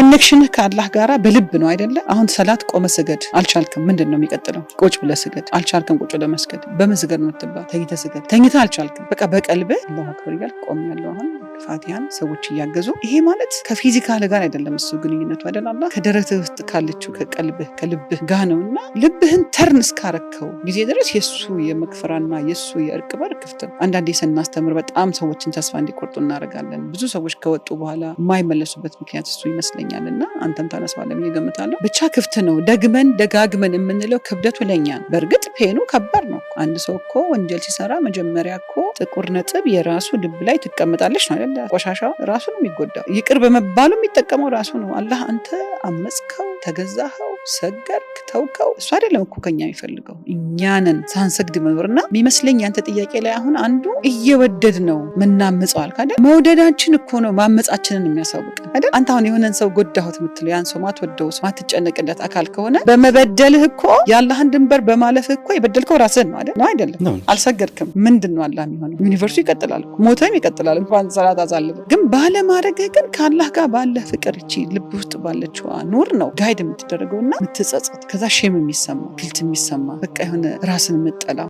ከኔክሽንህ ከአላህ ጋራ በልብ ነው አይደለ? አሁን ሰላት ቆመ ስገድ አልቻልክም፣ ምንድን ነው የሚቀጥለው? ቁጭ ብለህ ስገድ አልቻልክም፣ ቁጭ ብለህ መስገድ በመስገድ ነው የምትባል። ተኝተህ ስገድ ተኝተህ አልቻልክም፣ በቃ በቀልብህ አላሁ አክበር እያልክ ቆም ያለው አሁን ፋቲያን ሰዎች እያገዙ ይሄ ማለት ከፊዚካል ጋር አይደለም እሱ ግንኙነቱ አይደላላ ከደረት ውስጥ ካለችው ከቀልብህ ከልብህ ጋ ነው እና ልብህን ተርን እስካረከው ጊዜ ድረስ የእሱ የመክፈራና የእሱ የእርቅ በር ክፍት ነው። አንዳንዴ ስናስተምር በጣም ሰዎችን ተስፋ እንዲቆርጡ እናደርጋለን። ብዙ ሰዎች ከወጡ በኋላ የማይመለሱበት ምክንያት እሱ ይመስለኛል እና አንተም ታነሳዋለህ እገምታለሁ። ብቻ ክፍት ነው ደግመን ደጋግመን የምንለው ክብደቱ ለኛ ነው። በእርግጥ ፔኑ ከባድ ነው። አንድ ሰው እኮ ወንጀል ሲሰራ መጀመሪያ እኮ ጥቁር ነጥብ የራሱ ልብ ላይ ትቀመጣለች ነው አይደለ? ቆሻሻው ራሱ ነው የሚጎዳው። ይቅር በመባሉ የሚጠቀመው ራሱ ነው። አላህ አንተ አመፅከው፣ ተገዛኸው ሰገድክ ተውከው። እሱ አይደለም እኮ ከኛ የሚፈልገው እኛንን ሳንሰግድ መኖርና የሚመስለኝ ያንተ ጥያቄ ላይ አሁን አንዱ እየወደድ ነው ምናምጸዋል አልክ መውደዳችን እኮ ነው ማመጻችንን የሚያሳውቅ አይደል? አንተ አሁን የሆነን ሰው ጎዳሁት የምትለው ያን ሰው ማትወደው ማትጨነቅለት አካል ከሆነ በመበደልህ እኮ ያለህን ድንበር በማለፍህ እኮ የበደልከው ራስህን ነው አይደል? ነው አይደለም? አልሰገድክም። ምንድን ነው አላህ የሚሆነው? ዩኒቨርሲቲ ይቀጥላል፣ ሞተም ይቀጥላል። እንኳን ሰላት አሳልፍ ባለማድረግህ ግን ከአላህ ጋር ባለ ፍቅር እቺ ልብ ውስጥ ባለችው ኑር ነው ጋይድ የምትደረገውና እና የምትጸጸት ከዛ ሼም የሚሰማ ግልት የሚሰማ በቃ የሆነ ራስን የምጠላ